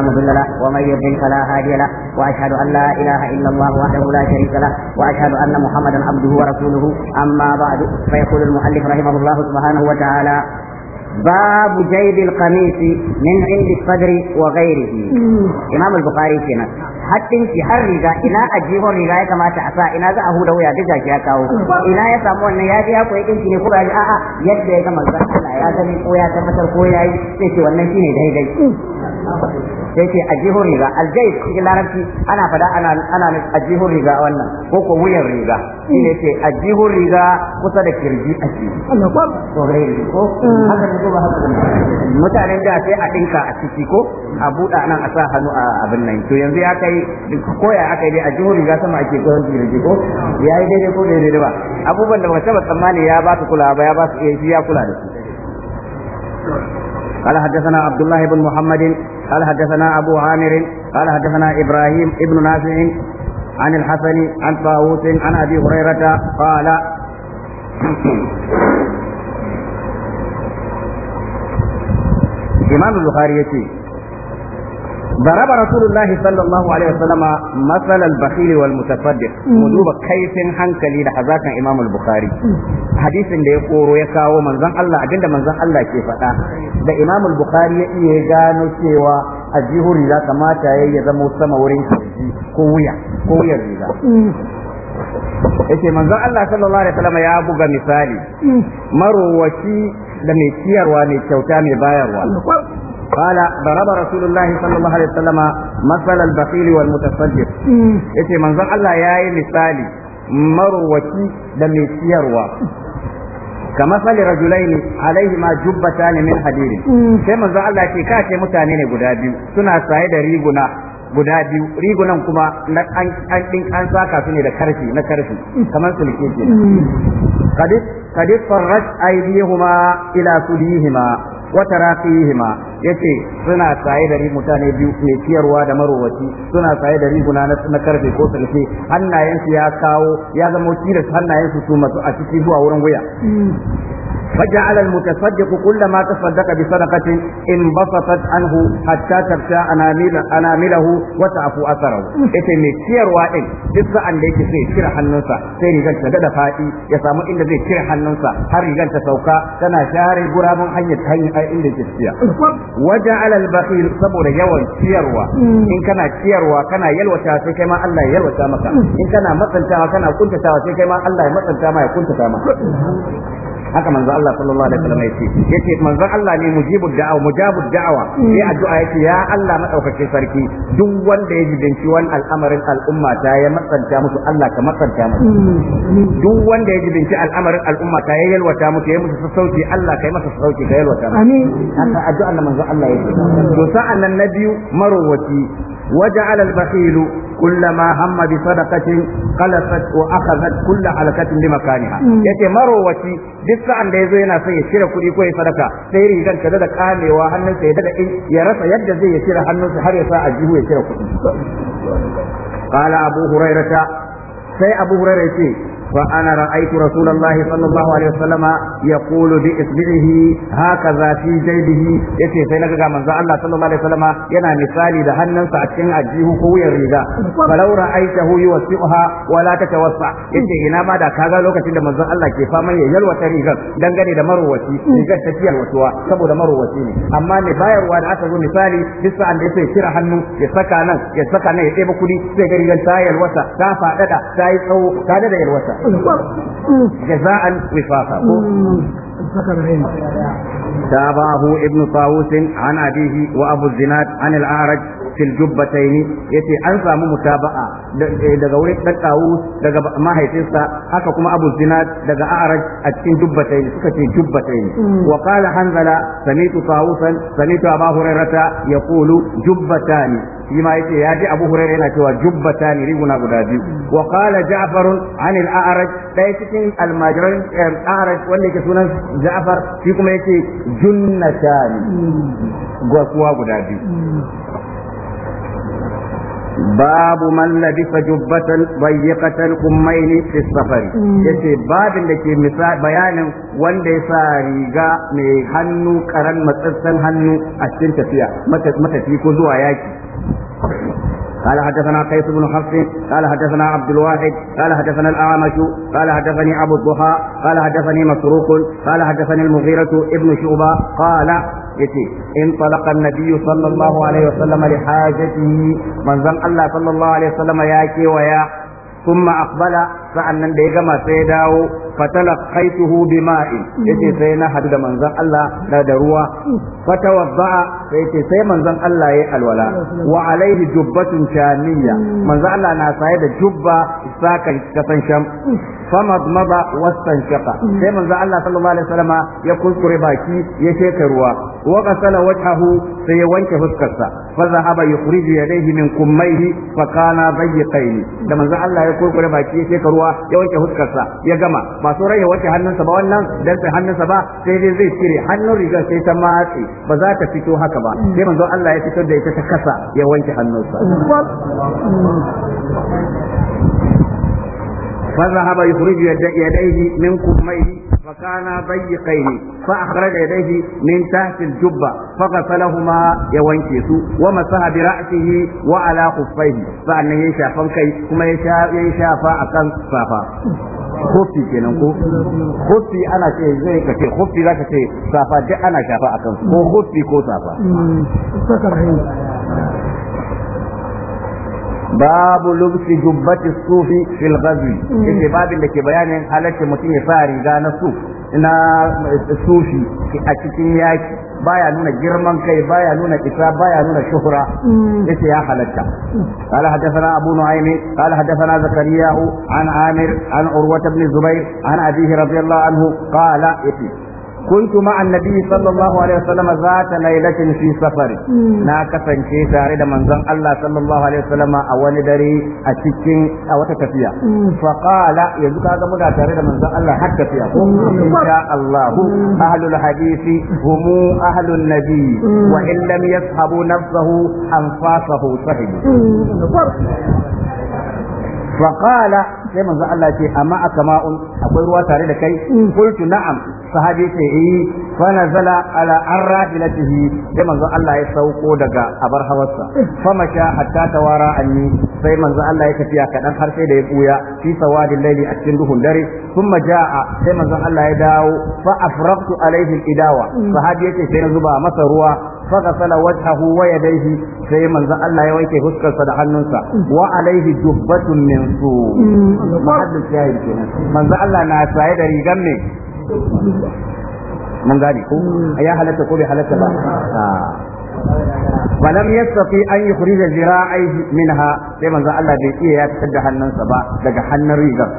مضل له ومن يضلل فلا هادي له واشهد ان لا اله الا الله وحده لا شريك له واشهد ان محمدا عبده ورسوله اما بعد فيقول المؤلف رحمه الله سبحانه وتعالى باب جيب القميص من عند الصدر وغيره امام البخاري كنا har riga ina a jihon riga ya kamata a sa ina za a huda wuya duk gashi ya kawo ina ya samu wannan ya ya koyi dinki ne ko ba a'a yadda ya ga manzon Allah ya gani ko tabbatar ko sai ce wannan daidai sai ce a jihun riga aljai cikin larabci ana fada ana ana a jihun riga wannan ko ko wuyan riga shi ne ce a jihun riga kusa da kirji a ciki ko gairi mm. ko haka ne ko ba haka mutanen da sai a dinka a ciki ko a buɗa nan a sa hannu a abin nan to yanzu ya kai ko ya aka yi a jihun riga sama ake gwan kirji ko ya yi daidai ko daidai ba abubuwan da ba taba tsammani ya ba su kula ba ya ba su iya ya kula da su قال حدثنا عبد الله بن محمد قال حدثنا أبو عامر قال حدثنا إبراهيم ابن نافع عن الحسن عن طاووس عن أبي هريرة قال إمام البخاري يتي ضرب رسول الله صلى الله عليه وسلم مثل البخيل والمتفدق مدوب كيف hankali da hazakan Imam al-Bukhari hadisin da ya koro ya kawo manzon Allah abinda manzon Allah ke faɗa da Imam al-Bukhari ya iya gano cewa a jihuri za kamata yayi ya zama sama wurin ko wuya ko wuyar riga yace manzon Allah sallallahu ya buga misali marowaci da mai ciyarwa mai kyauta mai bayarwa Bala, ضرب رسول الله صلى الله عليه وسلم مثل البخيل والمتصدق yace manzon Allah yayi misali marwaci da mai siyarwa kama sali rajulaini alaihi ma jubbata ne min hadiri sai manzo Allah ce ka ce mutane ne guda biyu suna saye da riguna guda biyu rigunan kuma an an din su ne da karfi na karfi kamar sulke ke kadis kadis farrat aydihuma ila sudihima wa taraqihima yace suna saye da mutane biyu mai ciyarwa da marowaci suna saye da riguna na karfe ko sarfe hannayensu ya kawo ya zama tilas hannayensu su masu a ciki zuwa wurin wuya فجعل المتصدق كلما تصدق بصدقة بسطت عنه حتى ترجع أنامل أنامله وتعفو أثره. إتي مي كير وائل جزء أن ليك سي كير حنونسا سي رجال تدد فائي يسامو إن زي تشير حنونسا هر رجال تسوكا تنا شهر قرام حي حي إن ليك wajen alal bakhil saboda yawan ciyarwa mm. in kana ciyarwa kana yalwata sai kai ma Allah ya yalwata maka mm. in kana matsantawa kana kuntatawa sai kai ma Allah ya matsanta ma ya kuntata maka mm. haka manzo Allah sallallahu alaihi wasallam yace yace manzo Allah ne mujibud da'awa mujabud da'awa sai addu'a yace ya Allah madaukakin sarki duk wanda ya jibinci wani al'amarin al'umma ta ya matsanta musu Allah ka matsanta musu duk wanda ya jibinci al'amarin al'umma ta ya yalwata musu ya musu sassauci Allah kai masa sassauci ka yalwata musu amin haka addu'a manzo Allah yake to sa'an nan na biyu marowaci وجعل البخيل كلما هم بصدقة قلصت وأخذت كل حلقة بمكانها yace marowaci duk sa'an da zo yana son ya cire kuɗi ko ya sadaka sai rigan ta da kamewa hannunsa ya dada ya rasa yadda zai ya cire hannunsa har ya sa a jihu ya cire kuɗi qala abu hurairata sai abu ya ce. فأنا رأيت رسول الله صلى الله عليه وسلم يقول بإصبعه هكذا في جيبه يتي سينك من الله صلى الله عليه وسلم ينا مثالي دهنن سأتين أجيه قوي الرجاء فلو رأيته يوسعها ولا تتوسع إنتي هنا ما كذا لو كتن من الله كيفا من يلوى تريغا دنغني دمر وشي ريغا تتيا الوسوى سبو دمر وشي أما نباير وانا أتغو مثالي لسا أن يسي كرا هنو يسكى نان يسكى نان يتيب كلي سيغا ريغا تايا الوسع تافا أدا تاي أو تدا الوسع جزاء وفاقا تابعه ابن طاووس عن أبيه وأبو الزناد عن الأعرج fil jubbataini yace an samu mutaba'a eh, daga wurin dan daga mahaifinsa haka kuma Abu Zinad daga A'raj a cikin jubbataini suka ce jubbataini mm. wa qala Hanzala samitu Tawusan samitu Abu Hurairata yaqulu jubbatani shi ma yace ya ji Abu Hurairah yana cewa jubbatani riguna guda biyu mm. wa qala Ja'far an al-A'raj dai cikin almajiran eh, A'raj wanda yake sunan Ja'far shi kuma yace junnatani mm. gwa guda biyu babu man labisa jubbatan bayyaqatan kummaini fi safari yace babin da ke bayanin wanda ya sa riga mai hannu karan matsatsan hannu a cikin tafiya matafi ko zuwa yaki قال حدثنا قيس بن حفص قال حدثنا عبد الواحد قال حدثنا الأعمش قال حدثني أبو الضحى قال حدثني مسروق قال حدثني المغيرة ابن شعبة قال yace in talaqa an-nabiy sallallahu alaihi wasallam li hajatihi manzon Allah sallallahu alaihi wasallam ya ke kewaya ثم أقبل sa'annan da ya gama sai ya dawo fatalaqaituhu bima'in yace sai na hadu da manzan Allah da ruwa fatawadda sai yace sai manzon Allah ya yi alwala wa alaihi jubbatun shaniya. Manzan Allah na saye da jubba saka kasan sham famadmada wastanshaqa sai manzon Allah sallallahu alaihi wasallama ya kuskure baki ya sheka ruwa wa qasala wajhahu sai ya wanke fuskarsa fa zahaba yukhriju yadayhi min kummaihi fa kana dayyiqaini da manzan Allah ya kuskure baki ya sheka ruwa kuwa ya wanke huskarsa ya gama ba so ya wanke hannunsa ba wannan dan sai hannunsa ba sai dai zai cire hannun rigar sai ta matsi ba za ta fito haka ba sai manzon Allah ya fitar da ita ta kasa ya wanke hannunsa فذهب يخرج يديه من كفيه فكانا ضيقين فأخرج يديه من تحت الجبة فغسلهما يوانكيس ومسح برأسه وعلى خفيه فأنه يشافا كي كما يشافا أكن صافا خفي kenan ko khuffi ana ce zai ka ce khuffi zaka ce safa duk ana shafa akan ko khuffi ko safa babu lubsi jubbati sufi fil ghazwi mm. yake babin da ke bayanin halaccin mutum ya sa riga na su na sufi a cikin yaki baya nuna girman kai baya nuna isa baya nuna shuhura mm. yace ya halatta قال حدثنا ابو نعيم قال حدثنا زكريا عن عامر عن عروه بن الزبير عن ابيه رضي الله عنه قال كنت مع النبي صلى الله عليه وسلم ذات ليلة في سفر نا كسنشي تاري دا منزن الله صلى الله عليه وسلم أولي داري أتكين أو تكفيا فقال يزكى هذا مدى تاري دا منزن الله حتى فيها إن شاء الله أهل الحديث هم أهل النبي وإن لم يصحبوا نفسه أنفاسه صحبه فقال sai manzo Allah ce amma aka ma'un akwai ruwa tare da kai qultu na'am sahabi ce yi eh, fa nazala ala arrafilatihi sai manzo Allah ya sauko daga abar hawarsa fa masha hatta tawara anni sai manzo Allah ya tafiya kadan har sai da ya buya fi sawadil laili a cikin duhun dare kuma jaa sai manzo Allah ya dawo fa afraqtu alaihi idawa sahabi yace sai na zuba masa ruwa فغسل وجهه ويديه sai manzo Allah ya wanke fuskarsa da hannunsa wa alaihi dubbatun min su mahallin mm. shayi kenan manzo Allah na saye da rigan ne mun gane ko hmm. ya halatta ko bai halatta ba ah. lam yastati an yukhrija zira'aihi minha sai manzo Allah bai iya ya fitar da hannunsa ba daga hannun rigar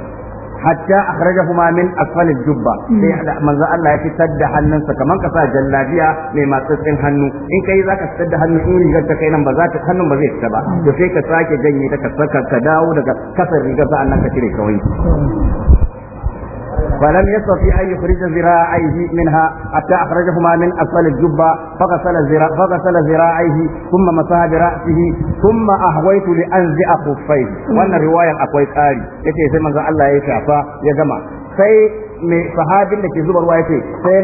hatta akhrajahuma min asfal jubba hmm. sai manzo Allah ya fitar da hannunsa kaman kasa jallabiya mai matsatsin hannu in kai zaka fitar da hannu in rigar ta kai nan ba za ta hannun ba zai fita ba hmm. to sai ka sake janye ta ka saka ka dawo daga kasar rigar sa'annan ka cire kawai فلم يستطيع أن يخرج ذراعيه منها حتى أخرجهما من أسفل الجبة فغسل زرا فغسل ذراعيه ثم مسح برأسه ثم أهويت لأنزع خفيه وأن رواية أقويت آري يتي سيما الله يشافى يا جماعة sai mai sahabin da ke zuba ruwa ya ce sai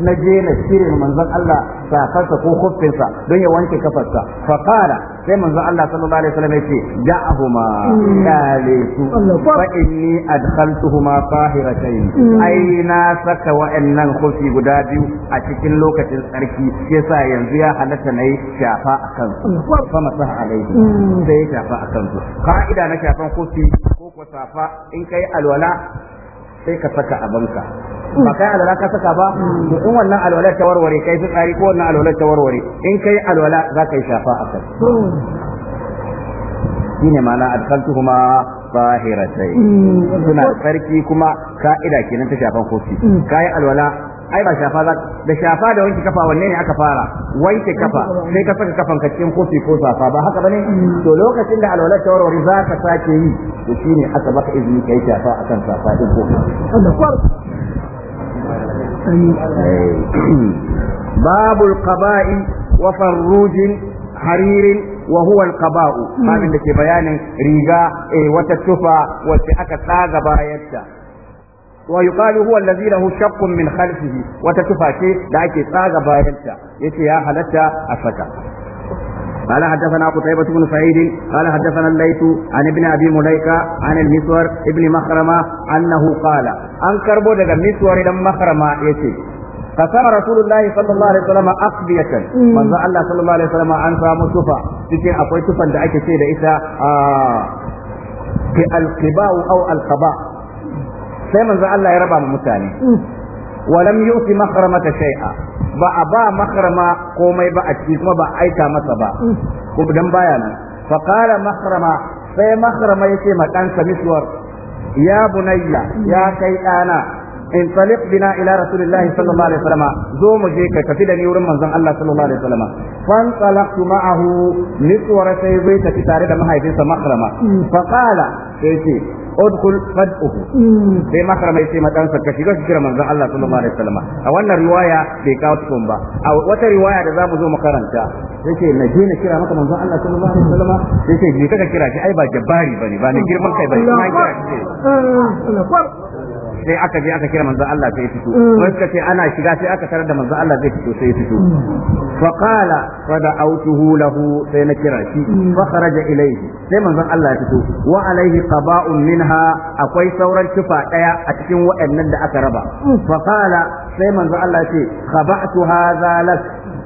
na je na cire manzon Allah safarsa ko kuffinsa don ya wanke kafarsa fa qala sai manzon Allah sallallahu alaihi wasallam ya ce da'ahuma kalisu fa inni adkhaltuhuma tahiratayn mm. ai na saka wa'annan khuffi guda biyu a cikin lokacin tsarki yasa yanzu ya halatta nayi shafa akan su fa masaha alaihi mm. sai ya shafa akan su ka'ida na shafan khuffi ko ko safa in kai alwala sai ka saka abanka ba kai alwala ka saka ba to in wannan alwala ta warware kai fitsari ko wannan alwala ta warware in kai alwala za ka yi shafa a kai shine ma'ana adkaltuhuma sai. suna tsarki kuma ka'ida kenan ta shafan kofi kai alwala ai ba shafa za da shafa da wanke kafa wanne ne aka fara wanke kafa sai ka saka kafan ka cikin kofi ko safa ba haka bane to lokacin da alwala ta warware za ka sake yi to shine aka baka izini kai shafa akan safa din ko باب القباء وفروج حرير وهو القباء هذا اللي بيان ريغا ايه وتتفا وتأكد لاغا بايتا ويقال هو الذي له شق من خلفه وتتفاكي لأكي تاغ بايلتا يتي يا حلتا أشكا قال حدثنا قتيبة بن سعيد قال حدثنا الليث عن ابن ابي مليكة عن المسور ابن مخرمة انه قال ان كربو دغ مسور دم مخرمة يتي قسم رسول الله صلى الله عليه وسلم اقبية من الله صلى الله عليه وسلم عن سامو سفا تكي اقوي سفا دا اكي سيدا ايسا آه القباء او القباء sai manzo Allah ya raba mu mutane walam yusi mahramata shay'a ba a ba mahrama komai ba a ciki kuma ba aika masa ba ko dan baya nan fa qala mahrama sai mahrama yace ma dan miswar ya bunayya ya kai dana in talib bina ila rasulillahi sallallahu alaihi wasallam zo mu je ka tafi da ni wurin manzon Allah sallallahu alaihi wasallam fan talaqtu ma'ahu miswar sai zai tafi tare da mahaifinsa mahrama fa qala udkhul fad'uhu sai makarama yace madan sa ka shiga shigar manzon Allah sallallahu alaihi wasallam a wannan riwaya bai kawo cikin ba a wata riwaya da zamu zo makaranta ce na je na kira maka manzon Allah sallallahu alaihi wasallam yace je ka kira shi ai ba jabari bane ba ne girman kai bane na kira shi sai aka je aka kira manzon Allah sai fito mm. wai suka ce ana shiga sai aka tarar da manzon Allah zai fito sai ya fito mm. fa qala fa da'awtuhu lahu sai na kira shi mm. fa kharaja ilayhi sai manzon Allah ya fito wa alaihi qaba'un minha akwai sauran tufa daya a cikin waɗannan da aka raba fa qala sai manzon Allah ya ce khaba'tu hadha lak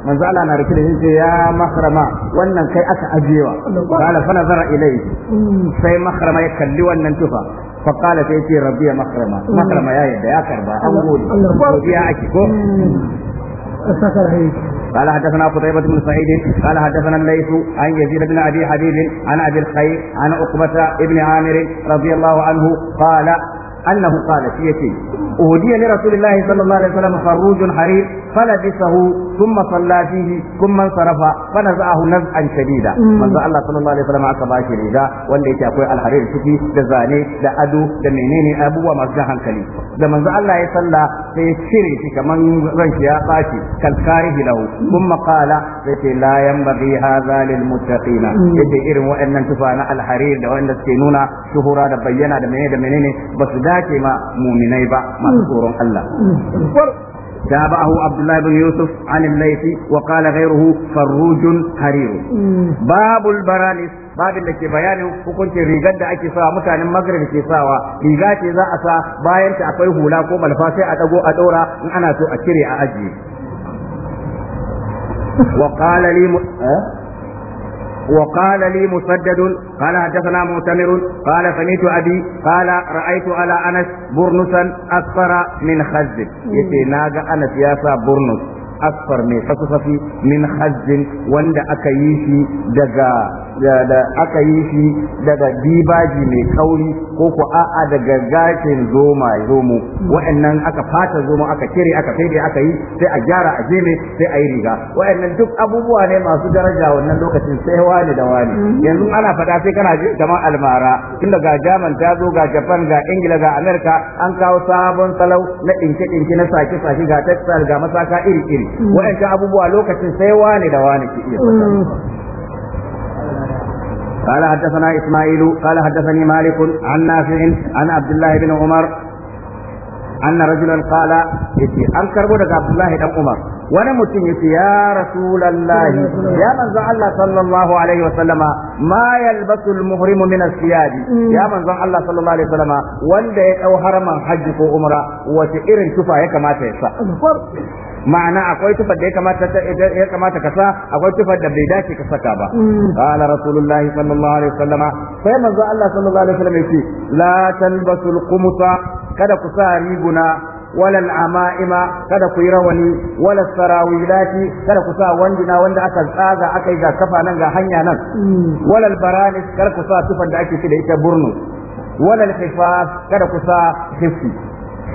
manzo Allah na rike da shi ya mahrama wannan kai aka ajewa qala fa nazara ilayhi sai mahrama ya kalli wannan tufa fa qala sai ce rabbi makrama makrama ya yadda ya karba an gode godiya ake ko قال حدثنا قتيبة بن سعيد قال حدثنا الليث عن يزيد بن ابي حبيب عن ابي الخير عن عقبة بن عامر رضي الله عنه قال annahu qala shi yace uhudiya li rasulillahi sallallahu alaihi wasallam farrujun harir falabisahu thumma salla fihi thumma sarafa fa naza'ahu naz'an shadida manzo Allah sallallahu alaihi wasallam aka bashi riga wanda yake akwai alharir ciki da zane da ado da menene abubuwa masu hankali da manzo Allah ya salla sai cire shi kaman ranki ya bashi kalkarihi lahu thumma qala sai la yanbaghi hadha lil muttaqina yace irin waɗannan tufa na alharir da wanda suke nuna shuhura da bayyana da menene da menene ba su da dace ma muminai ba masu mm. tsoron Allah جابه عبد الله بن يوسف عن الليث وقال غيره فروج حرير باب البرانس باب اللي كي bayanin hukuncin rigar da ake اكي mutanen magrib ke sawa riga ce za a sa باين كي akwai hula ko malfa sai a dago a daura in ana so a cire a ajiye وقال لي مسدد قال حدثنا مؤتمر قال سمعت أبي قال رأيت على أنس برنسا أصفر من خز يتي ناغا أنس ياسا برنس أصفر من خصفة من خز وند أكيشي دقا da aka yi shi daga dibaji mai kauri ko ko a'a daga gashin zoma zomo wa'annan aka fata zomo aka kire aka fede aka yi sai a gyara a jeme sai a yi riga wa'annan duk abubuwa ne masu daraja wannan lokacin sai wani da wani mm-hmm. yanzu ana fada sai kana ji jama'a almara tunda ga jaman ta zo ga japan ga ingila ga Amerika an kawo sabon salau na dinke dinke na sake sake ga textile ga masaka iri iri mm-hmm. wa'annan abubuwa lokacin sai wani da wani ke iya قال حدثنا إسماعيل قال حدثني مالك عن نافع عن عبد الله بن عمر anna rajulan qala yace an karbo daga Abdullahi dan Umar wani mutum yace ya rasulullahi ya manzo Allah sallallahu alaihi wa sallama ma yalbasu al-muhrim min as-siyabi ya manzo Allah sallallahu alaihi wa sallama wanda ya dau haraman hajji ko umra wace irin tufa ya ma'ana akwai tufar da ya kamata ya kamata ka sa akwai tufar da bai dace ka saka ba qala rasulullahi sallallahu alaihi wasallam sai manzo Allah sallallahu alaihi wasallam yace la talbasul qumsa kada ku sa riguna wala al'ama'ima kada ku yi rawani wala sarawilati kada ku sa wanduna wanda aka tsaga aka yi ga kafa nan ga hanya nan wala albaranis kada ku sa tufan da ake ci da ita burnu wala alhifaz kada ku sa hifi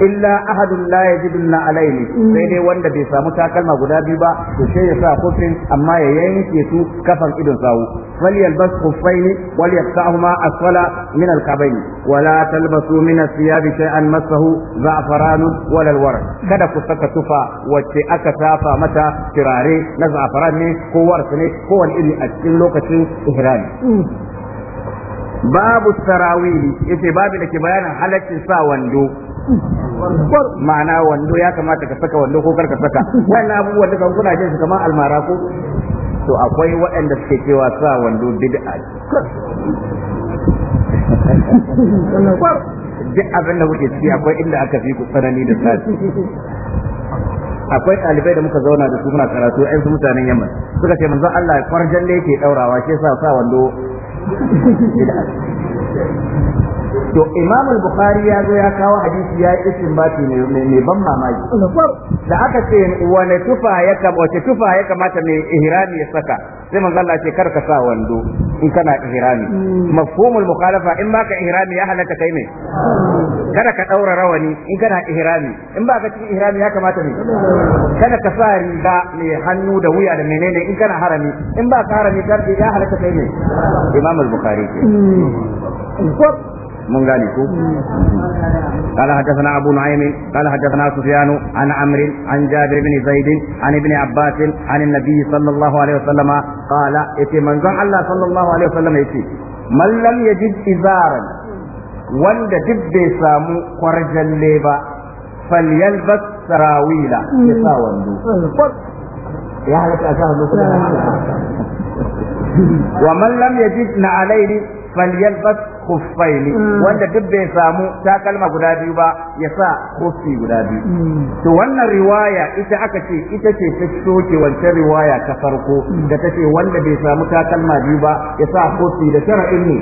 illa ahadun la yajidun na alaini sai dai wanda bai samu takalma guda biyu ba to sai ya sa kufin amma ya yanke su kafan idon sawu falyalbas khuffaini walyaqta'huma asfala min alkabain wala talbasu min athiyab shay'an masahu za'faran wala alwarq kada ku saka tufa wacce aka tafa mata kirare na za'faran ne ko warsa ne ko wani iri a cikin lokacin ihrami babu sarawili yace babu da ke bayanin halaccin sa wando ma'ana wando ya kamata ka saka wando ko karka saka wannan abubuwan duka kuna jin su kamar almara ko to akwai waɗanda suke cewa sa wando bid'a duk abin da kuke ciki akwai inda aka fi ku tsanani da sati akwai ɗalibai da muka zauna da su muna karatu ɗan su mutanen yamma suka ce manzon Allah kwarjan da yake ɗaurawa shi yasa sa wando to imam al-bukhari ya zo ya kawo hadisi ya yi istinbati ne mai ban mamaki da aka ce wane tufa ya wace tufa ya kamata mai ihrami ya saka sai manzo Allah ce karka sa wando in kana ihrami hmm. mafhumul mukhalafa in baka ihrami ya halaka kai ne kada ka daura rawani in kana ihrami in baka cikin ihrami ya kamata ne kada ka sa riga mai hannu da wuya da menene in kana harami in baka harami kar ya halaka kai ne imam al-bukhari ce من غانيكو قال حدثنا أبو نعيم قال حدثنا سفيان عن عمرو عن جابر بن زيد عن ابن عباس عن النبي صلى الله عليه وسلم قال إتي من الله صلى الله عليه وسلم إتي من لم يجد إزارا wanda duk bai samu kwarjalle ba falyalbas sarawila ya sa wando ya halatta a sa wando wa man lam yajid na alaini falyalbas khuffaini mm. wanda duk bai samu takalma guda biyu ba ya sa khuffi guda biyu mm. to wannan riwaya ita aka ce ita ce ta soke wancan riwaya ta farko mm. da ta ce wanda bai samu takalma biyu ba ya sa khuffi da shara'in ne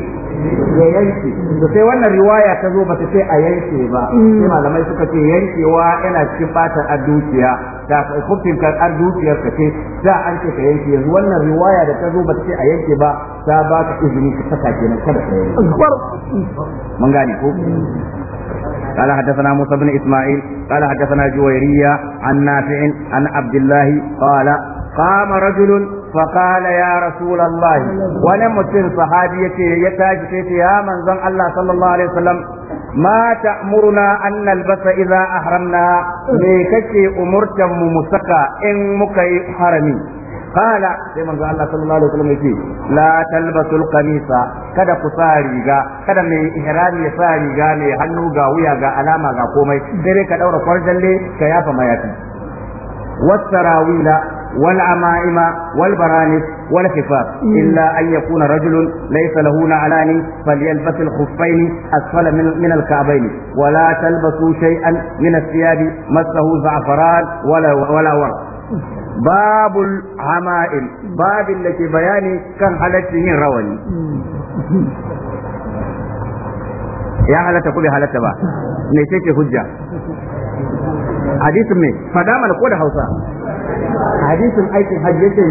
ya yanke to sai wannan riwaya ta zo ba ta ce a yanke ba sai malamai suka ce yankewa yana cikin fatan a dukiya da kufin kan ar dukiyar ka ce da an ce ka yanke yanzu wannan riwaya da ta zo ba ce a yanke ba ta ba ka izini ka saka kenan kada ka yanke mun gane ko قال حدثنا موسى بن اسماعيل قال حدثنا جويرية عن نافع عن عبد الله قال قام رجل فقال يا رسول الله وانا متن صحابي يا تاجي يا من زن الله صلى الله عليه وسلم ما تأمرنا أن نلبس إذا أحرمنا لكي أمرت مسكا إن مكي حرمي قال sai manzo Allah sallallahu alaihi wasallam yace la talbasul qamisa kada ku sa riga kada mai ihrami ya sa riga mai hannu ga wuya ga alama ga komai sai ka ɗaura kwarjalle ka yafa mayafi wasarawila والعمائم والبرانس والخفاف إلا أن يكون رجل ليس له نعلان فليلبس الخفين أسفل من, من الكعبين ولا تلبسوا شيئا من الثياب مسه زعفران ولا ولا ورق باب العمائم باب التي بياني كان حالته رواني ya halatta ko bai halatta ba me ce ke hujja hadisin me fada mana ko da Hausa hadisin aikin hajji yake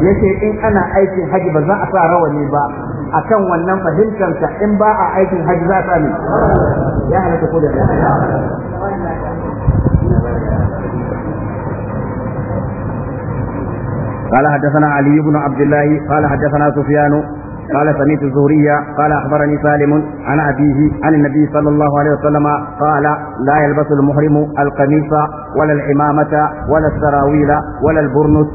ne yake in ana aikin hajji ba za a sa rawani ba A kan wannan fahimtar ka in ba a aikin hajji za a sa ne ya halatta ko da قال حدثنا علي بن عبد الله قال حدثنا سفيان قال سميت الزهري قال أخبرني سالم عن أبيه عن النبي صلى الله عليه وسلم قال لا يلبس المحرم القميص ولا العمامة ولا السراويل ولا البرنس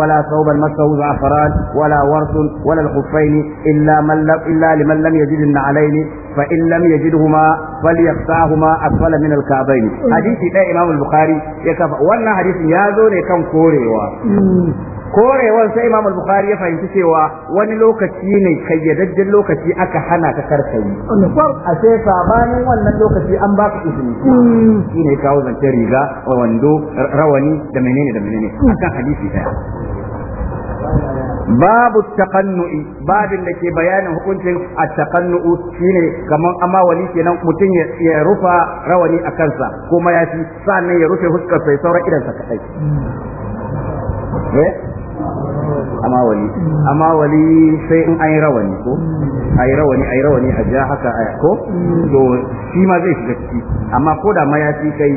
ولا ثوبا مسه زعفران ولا ورث ولا الخفين إلا, من لم إلا لمن لم يجد النعلين فإن لم يجدهما فليقطعهما أسفل من الكعبين حديث ده إمام البخاري يكفى وأن حديث يازو كم كوري korewan sai Imam Bukhari ya fahimci cewa wani lokaci ne kayyadajjen lokaci aka hana ka karkayi a ce sabanin wannan lokaci an baka izini hmm. shine kawo zance riga wando rawani da menene da menene hmm. akan hadisi daya babu taqannu'i babin da ke bayanin hukuncin at-taqannu'u shine kaman amma wali kenan mutum ya rufa rawani a kansa ko mayafi sannan ya rufe huskar sai sauran idan sa kadai hmm. eh? amawali wali wali sai in an yi rawani ko a yi rawani a yi rawani a ja haka a ko to shi ma zai shiga ciki amma ko da mayafi kai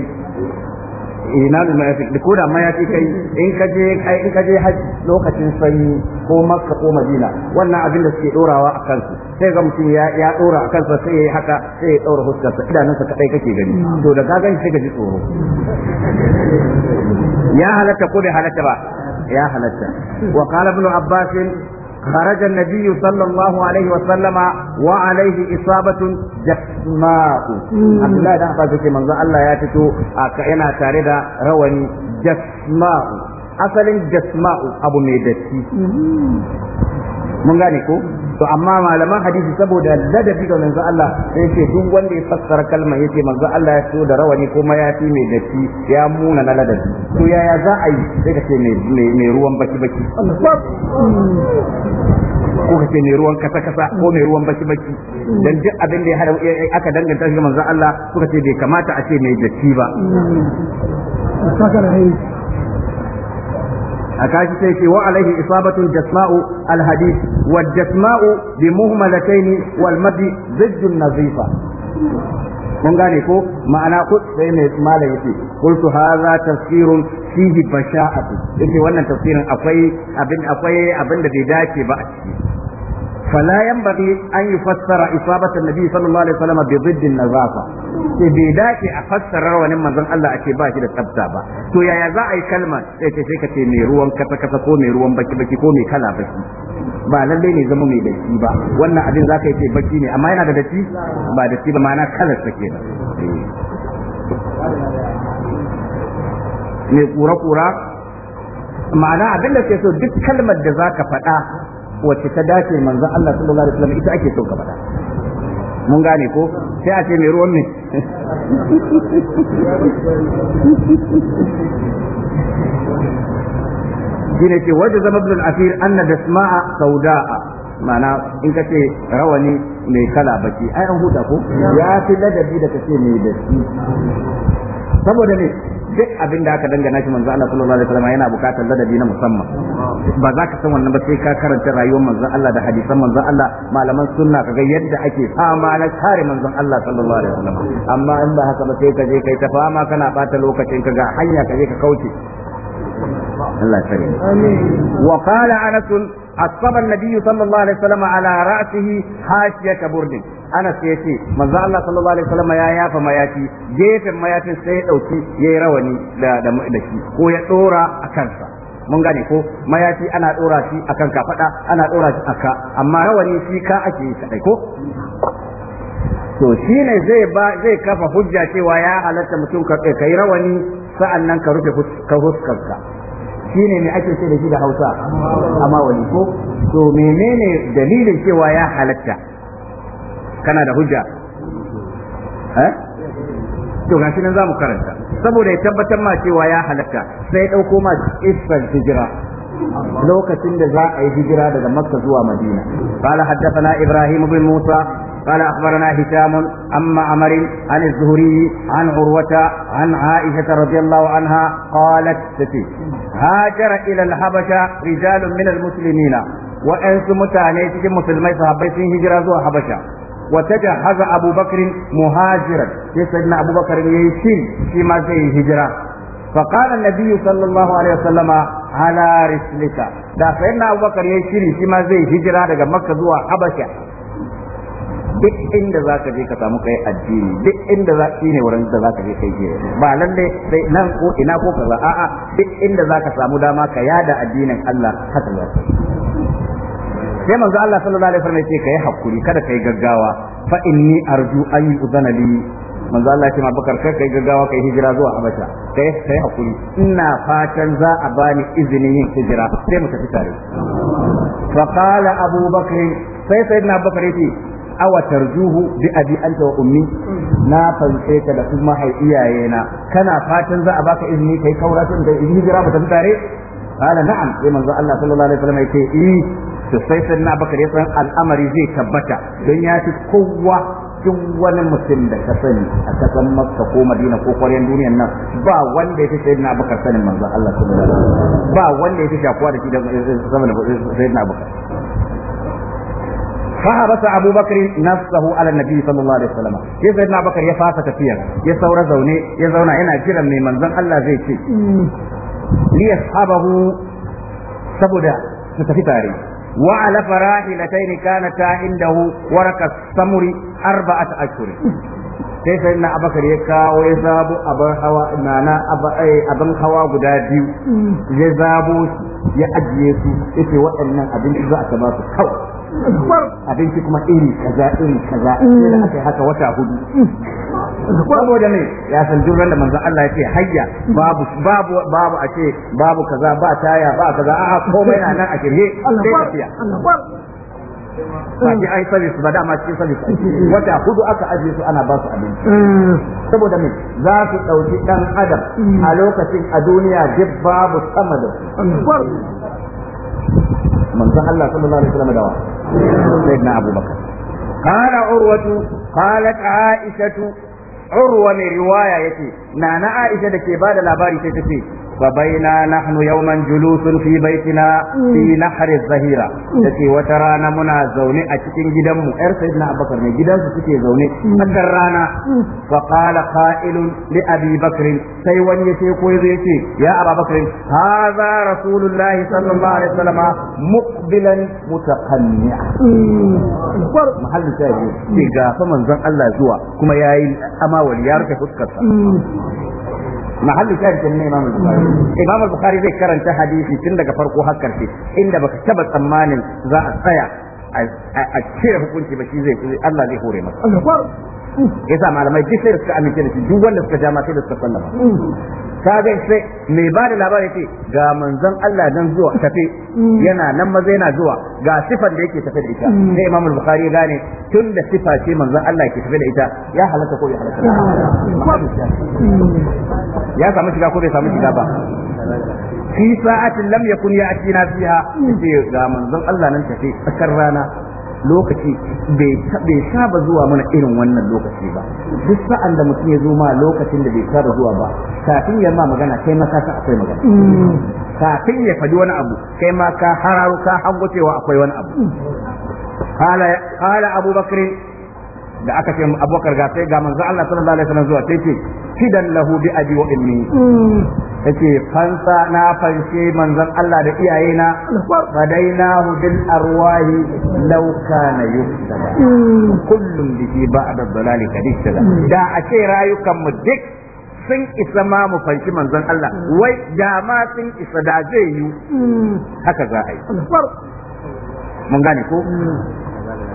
ina eh, da mayafi da ko da mayafi kai in ka je in ka je haji lokacin sanyi ko makka ko madina wannan abin da suke dorawa a kansu sai ga mutum ya ya dora a kansa sai yayi haka sai ya daura huskarsa idanunsa kadai kake gani to da gagan sai ka ji tsoro ya halatta ko bai halatta ba يا حلتا وقال ابن عباس خرج النبي صلى الله عليه وسلم وعليه إصابة جسماء عبد الله بن عباس من الله ياتتو أكينا تاردا رواني جسماء أصل جسماء أبو ميدتي mun gane ko to amma malaman hadisi saboda ladabi ga manzo Allah sai ce duk wanda ya fassara kalma yace manzo Allah ya so da rawani ko mayafi mai dafi ya muna na ladabi to yaya za a yi sai ka ce mai ruwan baki baki ko ka ce mai ruwan kasa kasa ko mai ruwan baki baki dan duk abin da ya hada aka danganta shi ga manzo Allah suka ce bai kamata a ce mai datti ba A kashi sai ce wa alaihi isabatu jasma'u alhadid wa jasma'u bi muhmalatayn wal madi zajjun nazifa mun gane ko ma'ana ku sai mai malam yace qultu hadha tafsirun fihi basha'atu yace wannan tafsirin akwai abin akwai abin da bai dace ba a ciki فلا ينبغي أن يفسر إصابة النبي صلى الله عليه وسلم بضد النظافة بداك أفسر روان من ظن الله أكباه إلى التبتابة تو يا يزاع كلمة تشيكة ميروان كتا كتا كو ميروان بكي بكي كو ميكالا بكي ba lallai ne zama mai datti ba wannan abin za ka yi ce baki ne amma yana da daki ba da ba ma'ana kalar sa da mai kura-kura ma'ana abin da ke so duk kalmar da za ka faɗa wacce ta dace manzon Allah sallallahu alaihi wasallam ita ake so ka faɗa mun gane ko sai a ce mai ruwan ne shine ce wajen zama ibn al-asir anna dasma'a sauda'a Mana in ka ce rawani mai kala baki ai an huta ko ya fi ladabi da ce mai dashi saboda ne duk abin da aka dangana shi manzo Allah sallallahu alaihi wasallam yana bukatar ladabi na musamman ba za ka san wannan ba sai ka karanta rayuwar manzo Allah da hadisan manzo Allah malaman sunna kaga yadda ake fama na kare manzan Allah sallallahu alaihi wasallam amma in ba haka ba sai ka je kai ta fama kana bata lokacin ka ga hanya ka je ka kauce Allah sani wa qala anas أصاب النبي صلى الله عليه وسلم على رأسه حاشية كبرد أنا سيتي من ذا الله صلى الله عليه وسلم يا يافا ما ياتي جيف ما ياتي سيئوتي يرواني دا دا مؤدشي هو يطورا أكنسا mun gane ko mayafi ana dora shi akan kafada ana dora shi aka amma rawani shi ka ake yi kadai ko to shi ne zai ba zai kafa hujja cewa ya halatta mutum ka kai rawani sa'annan ka rufe ka huskarka shine ne ake ce da shi da Hausa amma wani ko to menene dalilin cewa ya halatta kana da hujja eh to shi nan mu karanta saboda ya tabbatar ma cewa ya halatta sai dauko ma isfar hijira lokacin da za a yi hijira daga Makka zuwa Madina قال حدثنا Ibrahim, بن موسى قال أخبرنا هشام عن معمر عن الزهري عن عروة عن عائشة رضي الله عنها قالت تتي هاجر إلى الحبشة رجال من المسلمين وأنس متانيتك مسلمي صحابي هجرة زوا حبشة وتجهز أبو بكر مهاجرا سيدنا أبو بكر يشين في ما زي هجرة فقال النبي صلى الله عليه وسلم على رسلك da sayyidina Abubakar ya shiri shi ma zai hijira daga Makka zuwa Habasha duk inda za ka je ka samu kai addini duk inda za ka ne wurin da za ka je kai ke ba lalle sai nan ko ina ko kaza a'a duk inda za ka samu dama ka yada addinin Allah haka ne sai manzo Allah sallallahu alaihi wasallam ya ce kai hakuri kada kai gaggawa fa inni arju an yuzana li manzo Allah ya ce ma kai kai gaggawa kai hijira zuwa Habasha kai kai hakuri ina fatan za a bani izinin yin hijira sai mu tafi tare fa qala abubakar sai sayyidina na ya awa tarjuhu bi abi anta wa ummi na fanse ka da kuma hai iyaye na kana fatan za a baka izini kai kaura tun da hijira ba ta tare qala na'am sai manzo Allah sallallahu alaihi wasallam yace eh to sai sai na bakare san al'amari zai tabbata don ya ci kowa duk wani mutum da ka sani a kasan Makka ko Madina ko kwaryan duniyar nan ba wanda ya fi sayyidina Abubakar sanin manzo Allah sallallahu alaihi wasallam ba wanda ya fi shakuwa da shi da sayyidina Abubakar فحبس ابو بكر نفسه على النبي صلى الله عليه وسلم يا سيدنا ابو بكر يا فاس تفيا يا ثور زوني يا زونا ina kiran mai manzon Allah zai ce li yashabahu saboda su tafi tare wa ala farahi ta inda indahu waraka samuri arba'at ashhur sai sayyidina abakar ya kawo ya zabo abin hawa nana abin hawa guda biyu ya zabo ya ajiye su ya waɗannan abinci za a ta ba su kawai abinci kuma iri kaza iri kaza da aka yi haka wata hudu saboda ne ya san duk da manzon Allah ya ce hayya babu babu babu a ce babu kaza ba taya ba kaza a'a komai na nan a kirhe sai tafiya fiya ki ai service ba dama cikin service wata hudu aka ajiye su ana ba su abinci mm. saboda me za su dauki dan adam a lokacin a duniya duk babu sama da manzon Allah sallallahu alaihi wasallam dawa sayyidina abubakar qala urwatu qalat aishatu urwa mai riwaya yace nana aisha da ke bada labari sai ta ce فبينا نحن يوما جلوس في بيتنا في نحر الظهيرة تكي وترانا منا زوني أتكين جدم إر سيدنا أبو بكر جدا سكي زوني أكرانا فقال قائل لأبي بكر سيوان يتيقو يزيتي يا أبا بكر هذا رسول الله صلى الله عليه وسلم مقبلا متقنعا محل سيدي في غافة من الله زوا كما يا أما وليارك فسكتها mahallu shahidin ne imam al-bukhari imam al-bukhari zai karanta hadisi tun daga farko har karshe inda baka taba tsammanin za a tsaya a cire hukunci ba shi zai Allah zai hore masa yasa malamai duk sai da suka amince da shi duk wanda suka jama'a sai da suka sallama ga sai mai ba da labari ce ga manzon Allah nan zuwa tafe yana nan maza yana zuwa ga sifar da yake tafe da ita sai Imam Bukhari ya gane tun da sifa ce manzon Allah ke tafe da ita ya halaka ko ya halaka ya samu shiga ko bai samu shiga ba fi sa'atin lam yakun ya'tina fiha sai ga manzon Allah nan tafe tsakar rana lokaci bai saba zuwa mana irin wannan lokaci ba duk sa'an da mutum ya zo ma lokacin da bai saba zuwa ba kafin ya ma magana kai ma ka akwai magana mm. kafin ya faɗi wani abu kai ma ka hararo ka hango cewa akwai wani abu Hala mm. Abubakar. da aka ce abokar ga sai ga manzo Allah sallallahu alaihi wasallam zuwa sai ce fidan lahu bi abi wa ummi yace fansa na fanshe manzon Allah da iyayena hu bil arwahi law kana yuftala kullum bihi ba'da dhalali kadistala da a ce rayukan mu duk sun isa ma mu fanshi manzon Allah wai da ma sun isa da zai yi haka za a yi mun gane ko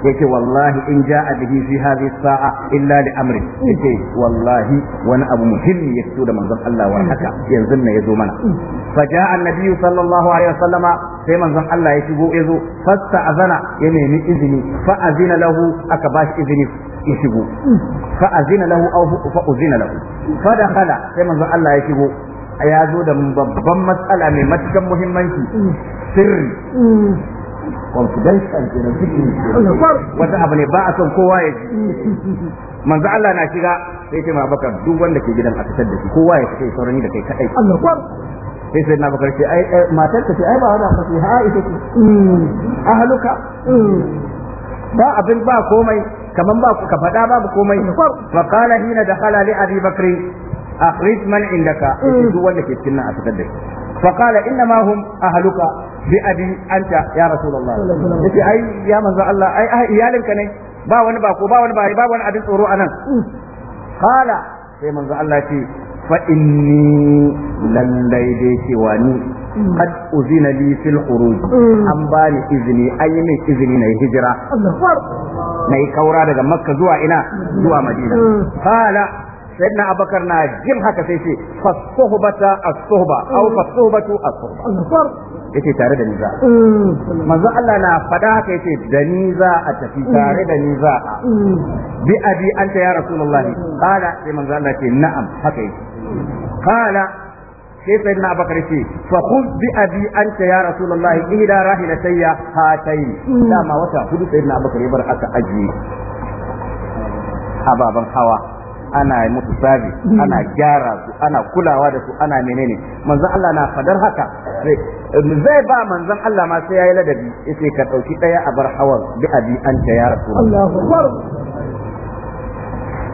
yace wallahi in a bihi fi hadhihi sa'a illa li amri yace wallahi wani abu muhimmi ya fito da manzon Allah wa haka yanzu ne yazo mana fa ja'a annabi sallallahu alaihi wasallama sai manzon Allah ya shigo yazo fasta'azana ya nemi izini fa azina lahu aka bashi izini ya shigo fa azina lahu aw fa uzina lahu fa dakhala sai manzon Allah ya shigo ya zo da babban matsala mai matukan muhimmanci sirri confidential kenan cikin wata abu ne ba a son kowa ya ji manzo Allah na shiga sai ce ma bakar duk wanda ke gidan a fitar da shi kowa ya ce saurani da kai kadai Allah sai sai na bakar ce ai matar ka ce ai ba wani abu ha ita ce mm. ahluka mm. ba abin ba komai kaman ba ka faɗa babu komai wa qala hina dakhala li abi bakr akhrij man indaka mm. duk wanda ke cikin nan a fitar da shi fa qala inna ma hum ahluka bi abi anta ya rasulullah yace ai ya manzo Allah ai iyalinka ne ba wani ba ko ba wani ba ba wani abin tsoro anan qala sai manzo Allah ce fa inni lan dai cewa ni قد أذن لي في an أم باني إذني أي من إذني na هجرة نهي كورا daga makka zuwa ina zuwa madina mm. qala sayyidina abakar na jin haka sai ce fasuhbata as-suhba aw yace tare da ni za mm. manzo Allah na fada haka yace da ni za a tafi mm. tare da ni za a mm. bi abi anta ya rasulullahi qala sai manzo Allah ce na'am haka yake qala sai sai na abakar ce fa khudh bi abi anta ya rasulullahi ihda rahilatayya hatayn dama wata hudu sai na abakar ya bar aka ajiye ababan hawa ana musu sabi mm. ana gyara su ana kulawa da su ana menene manzon Allah na fadar haka zai ba manzon Allah ma sai yayi ladabi yace ka dauki daya a bar hawan bi abi anta ya rasul Allahu akbar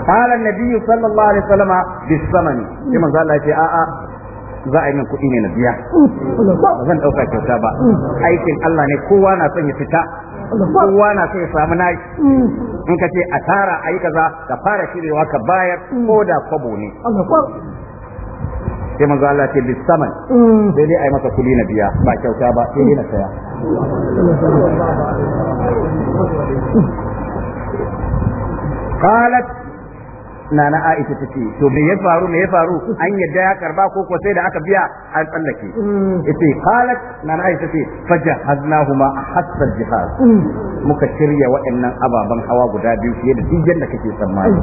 قال النبي صلى الله عليه وسلم بالثمن كما قال الله آآ za a yi min kuɗi ne na biya mm. ba zan ɗauka kyauta ba mm. aikin Allah ne kowa na son ya fita kowa na sai samu nai. Mm. in ka ce a tara a yi kaza ka fara shirewa ka bayar mm. ko da kwabo ne sai manzo Allah ce bis saman mm. sai dai yi masa kuli na biya ba kyauta ba sai dai na saya قالت nana Aisha ta ce to me ya faru me ya faru an yadda ya karba ko ko sai da aka biya an tsallake mm. yace qalat nana Aisha ce fajahaznahuma hatta jihaz mm. muka shirya waɗannan ababen hawa guda biyu fiye da dijin da kake tsammani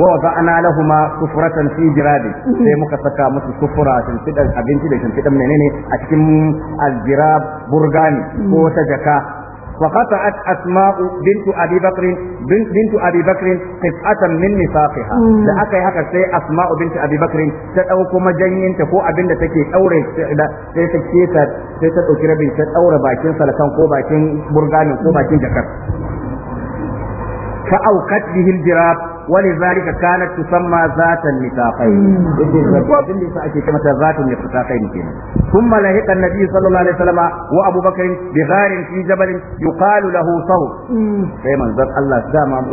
wa wada'na lahuma sufratan fi jiradi mm. sai muka saka musu sufura shimfidan abinci da shimfidan menene a cikin aljirab burgani ko ta jaka فقطعت أسماء بنت أبي بكر بنت, بنت أبي بكر قطعة من نفاقها لأكا هكا سي أسماء بنت أبي بكر تتأوكو مجنين تكو أبن تكي أوري تكيسة تتأو كربي تتأور باكين سلسان كو باكين برغان كو باكين جكر فأوقت به الجراب ولذلك كانت تسمى ذات النفاقين abin da yasa ake ce mata zata ya fita kai kenan kuma lahiqa annabi sallallahu alaihi wa Abu Bakar bi gharin jabal yuqalu lahu sahu sai manzon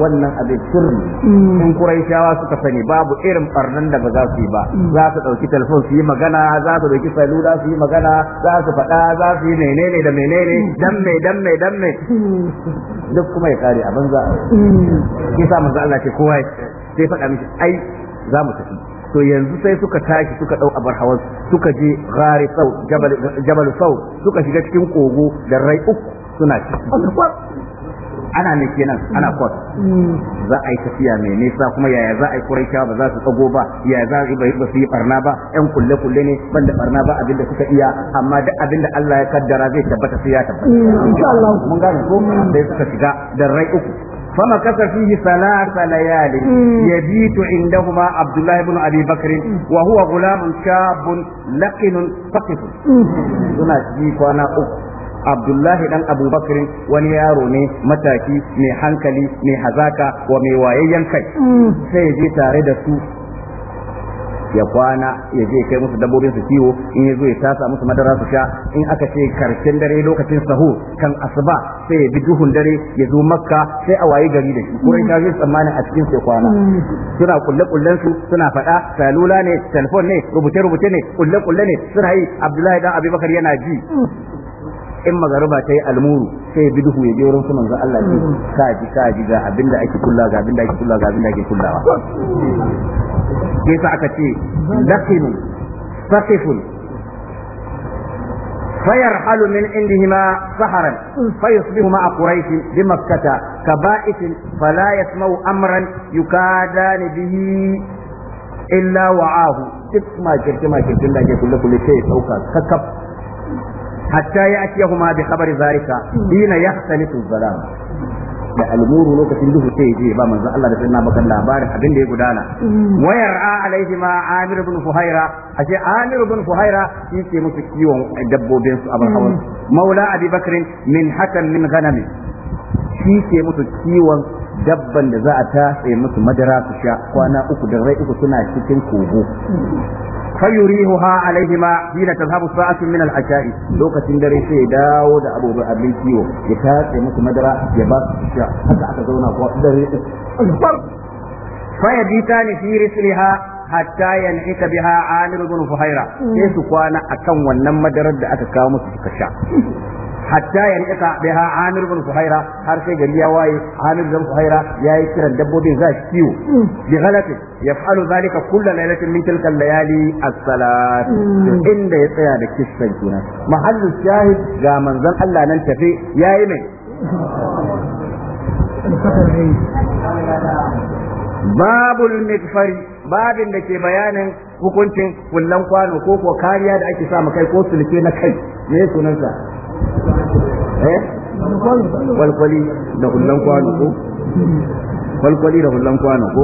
wannan abin sirri suka sani babu irin barnan da ba za su ba za su dauki telefon su yi magana za su dauki salula su yi magana za su faɗa za su yi menene da menene duk kuma ya kare a ya sai faɗa miki ai za mu tafi to yanzu sai suka tashi suka dau abar hawan suka je gari sau jabal sau suka shiga cikin kogo da rai uku suna ana ne kenan ana kwat za a yi tafiya mai nisa kuma yaya za a yi kuraishawa ba za su tsago ba yaya za a yi ba su yi barna ba yan kulle kulle ne ban da barna ba abinda suka iya amma duk abinda Allah ya kaddara zai tabbata sai ya tabbata mm, mun gane ko sai suka shiga da rai uku فمكث فيه ثلاث ليال يبيت عندهما عبد الله بن ابي بكر وهو غلام شاب لقن فقف هنا kwana uku. Abdullahi dan Abubakar wani yaro ne mataki mai hankali mai hazaka wa mai wayayyen kai sai je tare da su ya kwana ya je kai musu dabbobin su kiwo in ya zo ya tasa musu madara su sha in aka ce karshen dare lokacin sahur kan asuba sai ya bi duhun dare ya zo makka sai a wayi gari da shi kurai ka yi tsammanin a cikin sai kwana suna kulle kullen su suna faɗa salula ne telefon ne rubuce rubuce ne kulle kulle ne suna yi abdullahi dan abubakar yana ji in magaruba ta yi almuru sai ya bi duhu ya je wurin su manzo Allah ne ka ji ji ga abinda ake kulla ga abinda ake kulla ga abinda ake kullawa yasa aka ce laqinu saqifun فيرحل من عندهما سحرا فيصبح مع قريش بمكة كبائس فلا يسمع أمرا يكادان به إلا وعاه duk makirce makircin da ke kulle kulle sai ya sauka kakaf hatta ya ake bi dina ya da almuru lokacin duhu sai je ba manzo Allah da sunna maka labarin abin da ya gudana mm. wayar a alaihi ma amir ibn fuhaira ashe amir ibn fuhaira shi ke musu kiwon dabbobin su abin hawan mm. maula abi bakr min hakan min ghanami shi ke musu kiwon dabban da za a tace musu madara su sha kwana uku da rai uku suna cikin kogo mm. fayurihuha alaihima hina tazhabu sa'atu min al-asha'i lokacin dare sai dawo da abubu abin kiwo ya tatse musu madara ya ba su haka aka zauna ko dare fa yabitani fi risliha hatta yanhita biha amir ibn fuhaira sai su kwana akan wannan madarar da aka kawo musu suka sha hatta yanhita biha amir ibn fuhaira har sai gari ya waye amir ibn fuhaira yayi kiran dabbobin za su kiwo bi ghalati yaf'alu zalika kullu lailatin min tilka layali as-salat inda ya tsaya da kissan kenan mahallu shahid ga manzon Allah nan tafi yayi mai باب المغفر babin da ke bayanin hukuncin kullan kwano ko ko kariya da ake sa kai ko sulke na kai me sunansa eh walkwali da kullan kwano ko walkwali da kullan kwano ko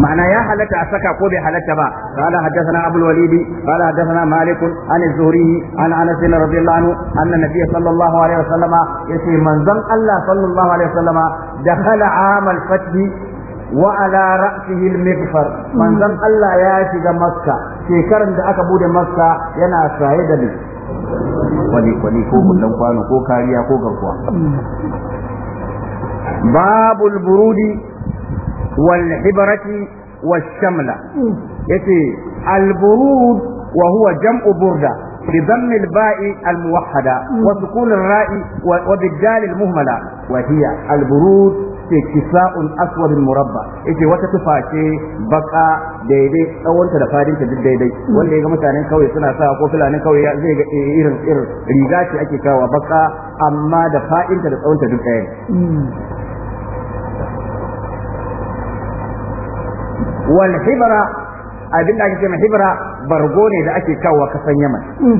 ma'ana ya halatta a saka ko bai halatta ba qala haddathana abul walid qala haddathana malik an az-zuhri an anas radhiyallahu anhu anna nabiy sallallahu alaihi wasallama yace manzon Allah sallallahu alaihi wasallama dakhala aam al-fath wa ala ra'sihi al-mighfar manzon hmm. Allah ya shiga Maska, shekaran da aka bude makka yana saye da ni kwani kwani ko kullum kwano ko kariya ko garkuwa hmm. babul burudi wal hibrati والشملة يتي البرود وهو جمع بردة wasu الباء الموحدة وسكون الراء وبالدال المهملة وهي البرود ce kisa'un aswadin murabba yace wata tufa ce baka daidai tsawonta da fadin duk daidai wanda ya ga mutanen kauye suna sa ko fulanin kauye zai ga eh, irin irin riga ce ake kawa baka amma da faɗinta da tsawonta duk ɗaya wal hibra abin da ake ce hibra bargo ne da ake kawo kasan yaman mm.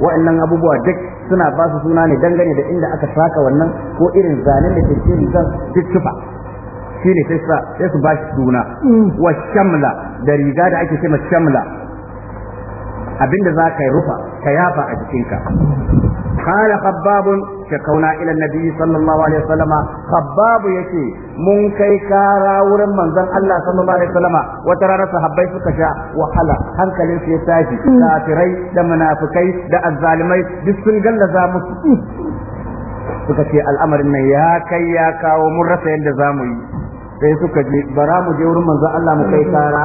wa'annan abubuwa duk suna ba su suna ne dangane da inda aka saka wannan ko irin zanen da ke cikin rigar duk tufa sai su ba shi suna mm. wa shamla da riga da ake ce shamla abinda za ka rufa ka yafa a jikinka قال خباب شكونا الى النبي صلى الله عليه وسلم خباب يتي من كي كارا ورن منزل الله صلى الله عليه وسلم وترانا صحابي سكشا وحلا هنكلي في تاجي كافري دا منافقي دا الظالمي دي سن غلزا musu suka ce al'amarin nan ya kai ya kawo mun rasa yadda za mu yi sai suka je bara mu je wurin manzo Allah mu kai kara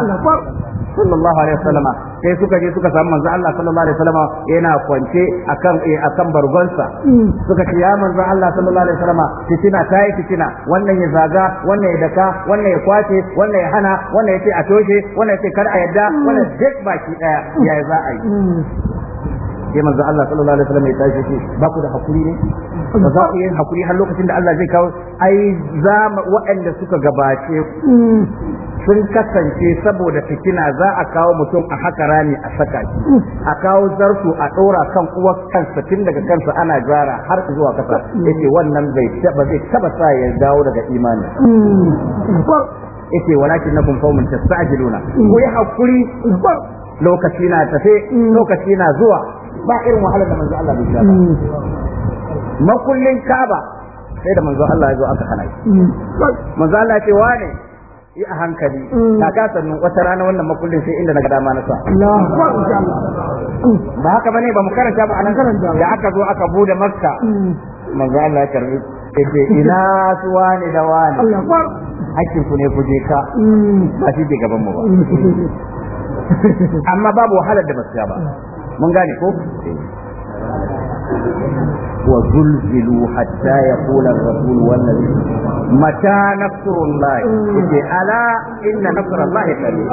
sallallahu alaihi wasallama sai suka je suka samu manzo Allah sallallahu alaihi wasallama yana kwance akan eh, akan bargonsa mm. suka ce ya manzo Allah sallallahu alaihi wasallama fitina tayi fitina wannan ya zaga wannan ya daka wannan ya kwace wannan ya hana wannan ya ce a toshe wannan ya ce kar a yadda mm. wannan duk baki daya ya za a yi mm. sai manzo Allah sallallahu alaihi wasallam ya tashi shi ba ku da hakuri ne ba za ku yi hakuri har lokacin da Allah zai kawo ai za waɗanda suka gabace sun kasance saboda fitina za a kawo mutum a haka rami a saka shi a kawo zartu a ɗora kan uwar kansa tun daga kansa ana gyara har zuwa kasa yace wannan bai taba zai taba sa ya dawo daga imani yace walakin nakum qaumun tastajiluna ku yi hakuri lokaci na tafe lokaci na zuwa ba irin wahalar da manzo Allah bai sha ba hmm. makullin kaba sai da manzo Allah ya zo aka hana shi hmm. manzo Allah ce wane yi a hankali hmm. ta kasa nun wata rana wannan makullin sai inda na ga dama na sa ba haka bane ba mu karanta ba anan da aka zo aka bude makka manzo Allah ya karbi yace ina su wani da wani hakkin ku ne ku je ka ba shi ke gaban mu ba amma babu wahalar da ba ba mun gane ko wa zulzilu hatta yaqula ar-rasul wal nabi mata nasrullah yace ala inna nasrallahi qarib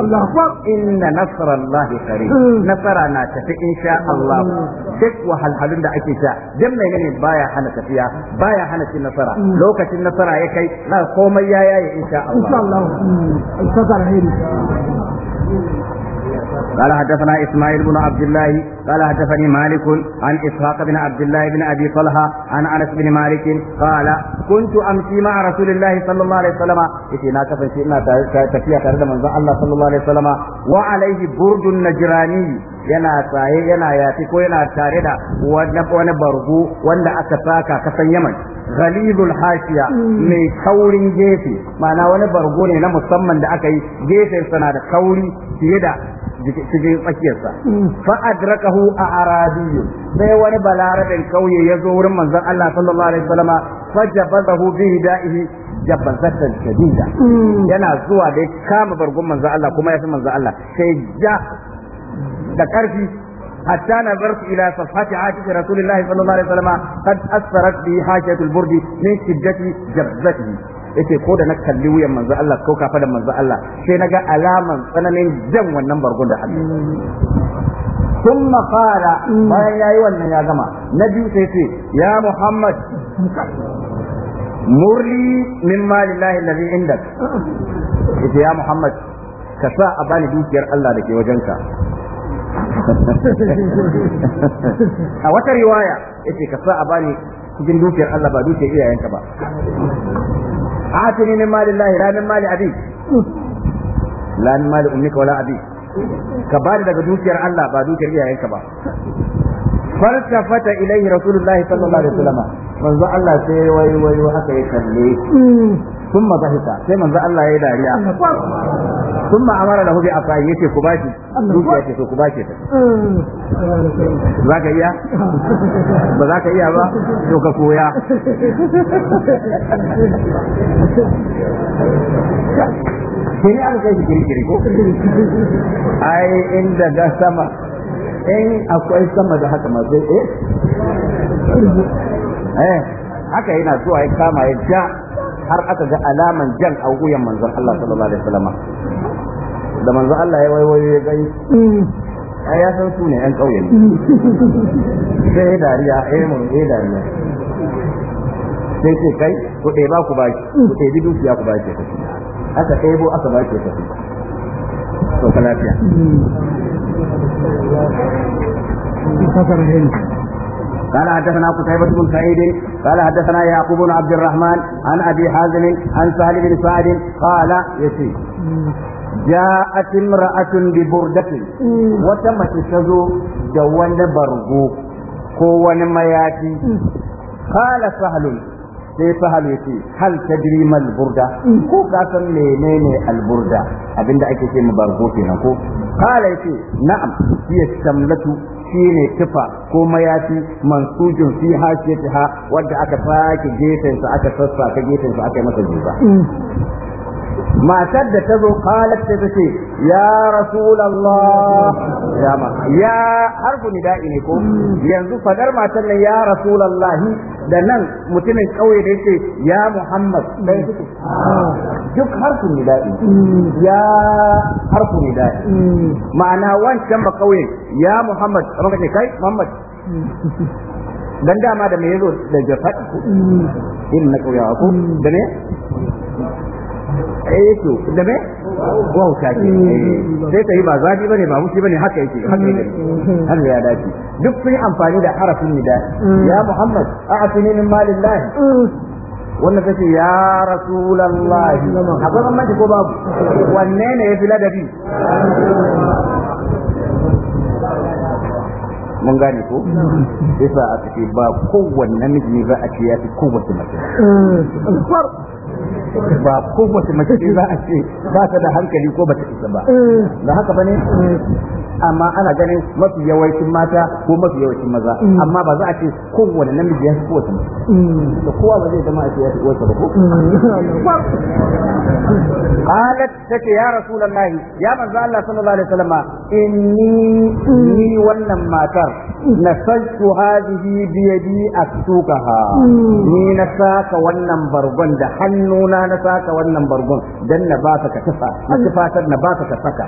inna nasrallahi qarib mm. nasara na tafi insha Allah mm. duk wahalhalun da ake sha dan menene baya hana tafiya baya hana cin nasara mm. lokacin nasara ya kai na komai ya yaye insha Allah insha Allah قال حدثنا إسماعيل بن عبد الله قال حدثني مالك عن إسحاق بن عبد الله بن أبي طلحة عن أنس بن مالك قال كنت أمشي مع رسول الله صلى الله عليه وسلم إتينا كفنشئنا تكيا ترد من الله صلى الله عليه وسلم وعليه برج النجراني yana tsaye yana yafi ko yana tare da wani bargo wanda aka saka kasan yaman ghalidul hashiya mai kaurin gefe ma'ana wani bargo ne na musamman da aka yi gefen sana da kauri fiye da cikin tsakiyarsa mm. fa adrakahu a Arabiyu, sai wani balarabin kauye ya zo wurin manzon Allah sallallahu alaihi wasallama fa jabazahu bi hidaihi jabazatan shadida mm. yana zuwa da kama bargun manzon Allah kuma ya san manzon Allah sai ja da karfi حتى نظرت إلى صفحة عاتق رسول الله صلى الله عليه وسلم قد أثرت بي حاشية البرد من شدة جبته yace ko da na kalli wuyan manzo Allah ko kafa da manzo Allah sai naga alaman tsananin jan wannan bargon da hannu thumma qala bayan yayi wannan ya gama na biyu sai ce ya Muhammad murli min malillahi alladhi indak yace ya Muhammad ka sa a bani dukiyar Allah da ke wajenka a wata riwaya yace ka sa a bani cikin dukiyar Allah ba dukiyar iyayenka ba atini min mali Allah la mali abi la min mali ummika wala abi ka bani daga dukiyar Allah ba dukiyar iyayenka ba فالتفت إليه رسول الله صلى الله عليه وسلم منذ الله سيوي ويوي وحكي يكلي ثم ضحك سيما ذا الله يدعي لها ثم أمر له بأفعال يتي كباشي يتي يتي haka mazai eh. Eh, haka kama ya har aka ga alaman jan a wuyan manzon Allah sallallahu alaihi wasallam da manzon Allah ya wai wai gai ai ya san su ne yan kauye ne sai dariya eh mun eh dariya sai ce kai ku ba ku baki ku ɗebi dukiya ku baki ki aka ɗebo aka baki ka to ka lafiya قال حدثنا قتيبة بن سعيد قال حدثنا يعقوب بن عبد الرحمن عن أبي حازم عن سهل بن سعد قال يسير جاءت امرأة ببردة وتمت تزو دوان برغو كون مياتي قال سهل sai fahal yace hal tadri mal burda ko ka san menene al burda abinda ake ce mu bargo kenan ko kala yace na'am hiya shamlatu shine tufa ko mayafi mansujin fi hasiyatiha wanda aka fake gefen sa aka sassa ka gefen sa aka yi masa jiba matar da ta zo qalat ta ce ya rasulallah ya ma ya harfu ne ko yanzu fadar matar nan ya rasulallah da nan mutumin kauye da yake ya muhammad dai suke duk harfu da'i ya harfu da'i ma'ana wancan ba kauye ya muhammad kamar kace kai muhammad dan dama da me yazo da jafat inna kauya ko da ne ɗaya eh, yake da me ce mm. eh, sai ta yi ba zafi bane ba mushi haka yake haka yake mm. Mm. har ya dace duk sun amfani da harafin nida ya muhammad a'tini min malillahi wanda ta ce ya rasulallahi akwai bambanci ko babu wanne ne ya fi ladabi mun gane ko sai sa a ce ba kowanne namiji ba a ce ya fi kowace mace ba ko mace mace za a ce ba ta da hankali ko ba ta isa ba da mm. haka ne mm. amma ana ganin mafi yawancin mata ko mafi yawancin maza mm. amma ba za a ce ko wani namiji ya fi kowace mace mm. da kowa ba zai zama a ce ya fi kowace ba ko mm. qalat tace ya rasulullahi ya manzo Allah sallallahu alaihi wasallam inni ni wannan matar nasajtu hadhihi bi yadi aktukaha ni na saka wannan bargon da hannuna na saka wannan bargon dan na ba ka tafa na tafatar na ba ka saka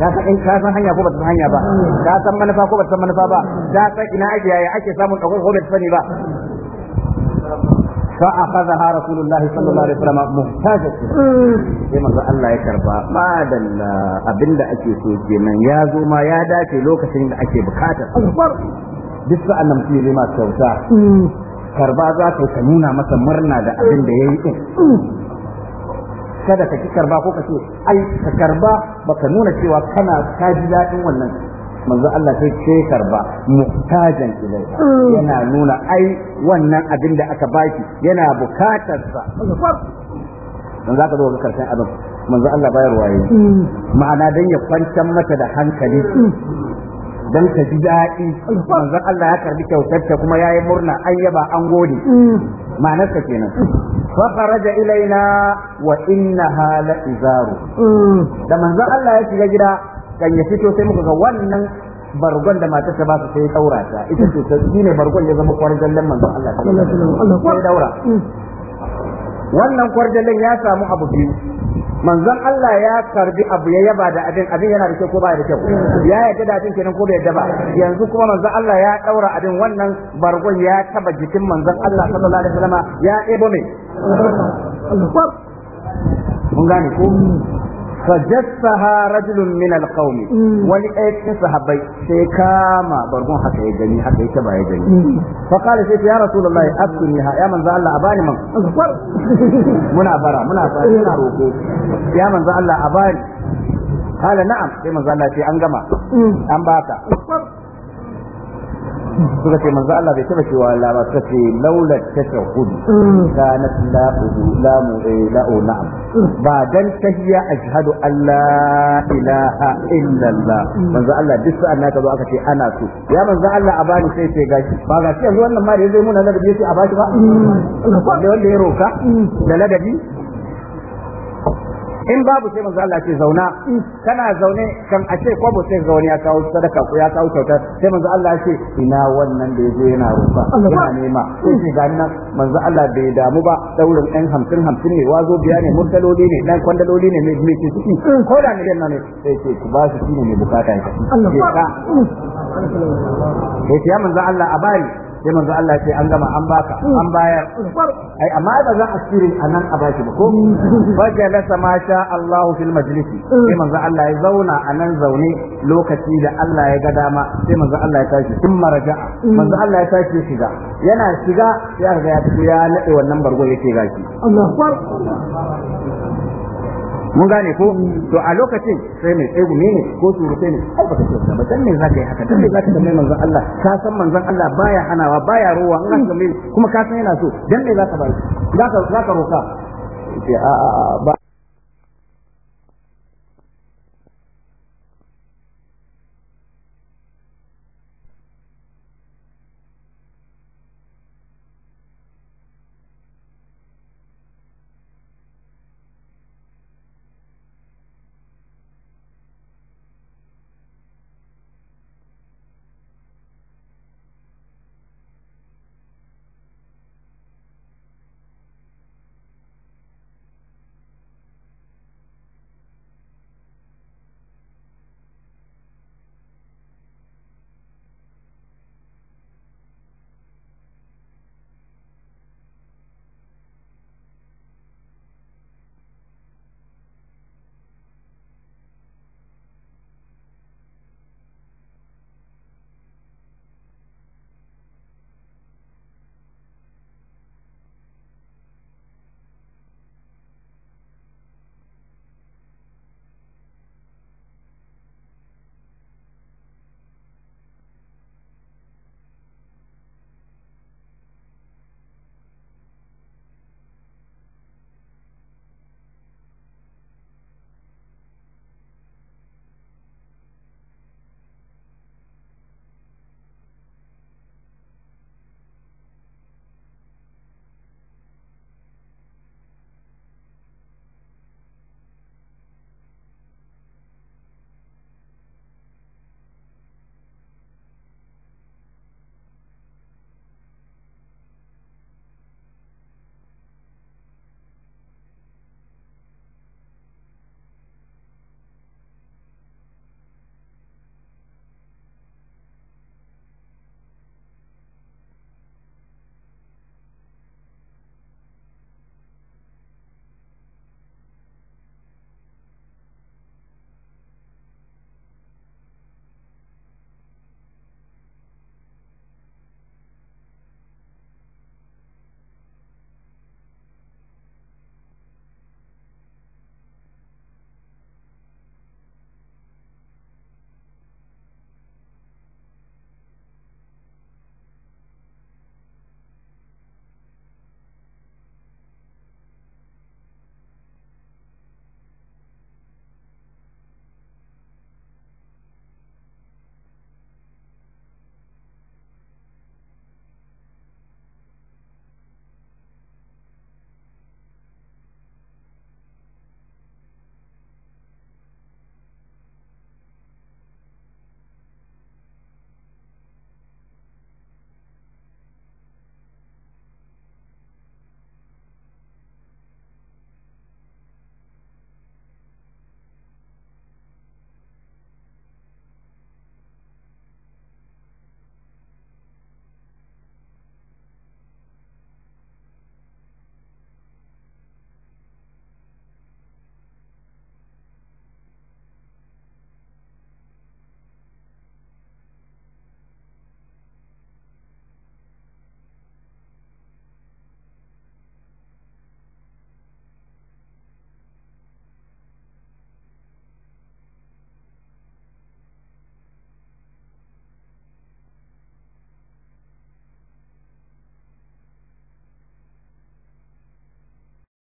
ka san in ka san hanya ko ba san hanya ba ka san manufa ko ba san manufa ba ka san ina ake yaya ake samun ɗaukar ko ba sani ba فأخذها رسول rasulullahi sallallahu alaihi wasallam وسلم محتاجة sai manzo Allah ya karba madalla abinda ake so kenan ya zo ma ya dace lokacin da ake bukata akbar duk sa'an nan mutum ya kyauta mm. karba za ta nuna masa murna da abin da yayi din kada ka ki karba ko ka ce ai ka karba baka nuna cewa kana ka ji daɗin wannan manzo Allah sai ce karba muhtajan ilai mm. yana nuna ai wannan abin da aka baki yana bukatar sa dan zaka zo ga karshen abin manzo Allah bayarwa yi. Mm. ma'ana dan ya kwantar mata da hankali mm. dan ta ji daɗi manzo Allah ya karbi kyautar kuma yayi murna an yaba an gode ma'anar kenan فخرج إلينا وإنها لإزار da manzon Allah ya shiga gida kan ya fito sai muka ga wannan bargon da matar ta ba su sai daura ta ita ce ta shine bargon ya zama kwarjallan manzon Allah sallallahu alaihi wasallam sai daura mm. wannan kwarjallan ya samu abu biyu manzon Allah ya karbi abu ya yaba da abin abin yana da kyau ko ba da kyau ya yadda da abin kenan ko bai yadda ba yanzu kuma manzon Allah ya daura abin wannan bargon ya taba jikin manzon Allah sallallahu alaihi wasallam ya ebo ne mun gane ko fajassaha rajulun min alqaum wani ɗaya cikin sahabbai sai kama bargon haka ya gani haka yake ba ya gani fa qala sai ya rasulullahi asqini ha ya manzo Allah abani man muna bara muna fara muna roko ya manzo Allah abani qala na'am sai manzo Allah sai an gama an suka ce manzo Allah bai taba cewa Allah ba suka ce laula tashahhud kanat la la eh, la na'am ba dan tahiyya ashhadu alla ilaha illa Allah manzo Allah duk sa'an naka zo aka ce ana so ya manzo Allah a bani sai sai gashi ba ga shi yanzu wannan ma da zai muna ladabi sai a bashi ba mm. da wanda ya roka da ladabi in babu sai manzo Allah ce zauna kana zaune kan a ce kwabo sai zaune ya kawo sadaka ko ya kawo kyauta sai manzo Allah ce ina wannan da yaje yana roƙa ina nema sai ce ga nan manzo Allah bai damu ba daurin ɗan hamsin hamsin ne wazo biya ne murtaloli ne dan kwandaloli ne mai mai ciki ko da ne nan ne sai ce ku ba su shine mai bukata ya ka ah. sai ya manzo Allah a bari sai manzo Allah sai an gama an baka an bayar ai amma ba za a tsire anan a baki ba ko ga la sama sha Allah fil majlis sai manzo Allah ya zauna anan zaune lokaci da Allah ya ga dama sai manzo Allah ya tashi in maraja manzo Allah ya tashi shiga yana shiga sai ga ya tafi ya nade wannan bargo yake gaki Allahu akbar mun gane ko to a lokacin sai mai tsegu ne ko surutai ne ai baka ce ba dan me zaka yi haka dan me zaka mai manzon Allah ka san manzon Allah baya hanawa baya ruwa an ga mai kuma ka san yana so dan me zaka ba zaka zaka roka